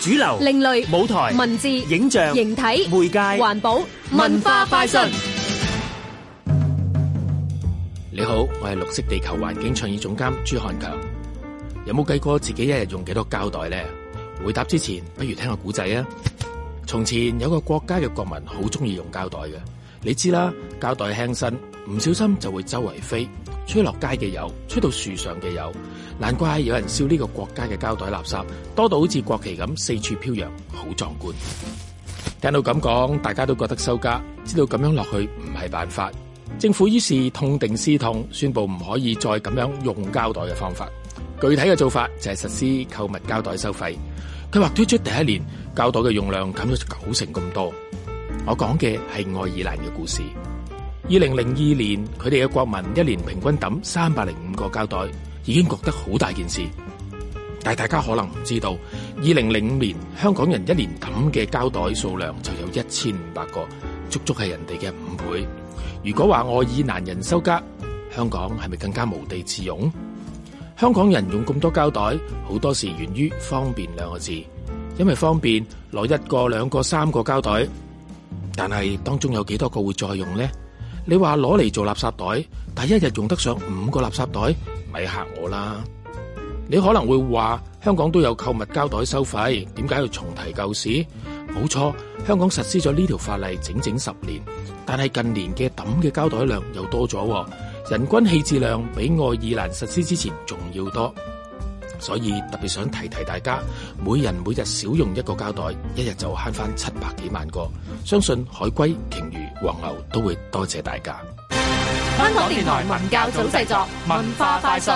主流、另類舞台、文字、影像、形體、媒介、環保、文化快訊。你好，我係綠色地球環境創意總監朱漢強。有冇計過自己一日用幾多膠袋咧？回答之前，不如聽下古仔啊。從前有個國家嘅國民好中意用膠袋嘅，你知啦，膠袋輕身，唔小心就會周圍飛。吹落街嘅油，吹到樹上嘅油，難怪有人笑呢個國家嘅膠袋垃圾多到好似國旗咁四處飄揚，好壯觀。聽到咁講，大家都覺得羞家，知道咁樣落去唔係辦法。政府於是痛定思痛，宣佈唔可以再咁樣用膠袋嘅方法。具體嘅做法就係實施購物膠袋收費。計劃推出第一年，膠袋嘅用量減咗九成咁多。我講嘅係愛爾蘭嘅故事。二零零二年，佢哋嘅國民一年平均抌三百零五個膠袋，已經覺得好大件事。但大家可能唔知道，二零零五年香港人一年抌嘅膠袋數量就有一千五百個，足足係人哋嘅五倍。如果話愛爾蘭人收家，香港係咪更加無地自容？香港人用咁多膠袋，好多時源於方便兩個字，因為方便攞一個、兩個、三個膠袋。但係當中有幾多個會再用呢？你話攞嚟做垃圾袋，但係一日用得上五個垃圾袋，咪吓我啦！你可能會話香港都有購物膠袋收費，點解要重提舊事？冇錯，香港實施咗呢條法例整整十年，但係近年嘅抌嘅膠袋量又多咗，人均棄置量比愛爾蘭實施之前仲要多，所以特別想提提大家，每人每日少用一個膠袋，一日就慳翻七百幾萬個，相信海龜、鯨魚。黃牛都會多謝大家。香港電台文教組製作文化快訊。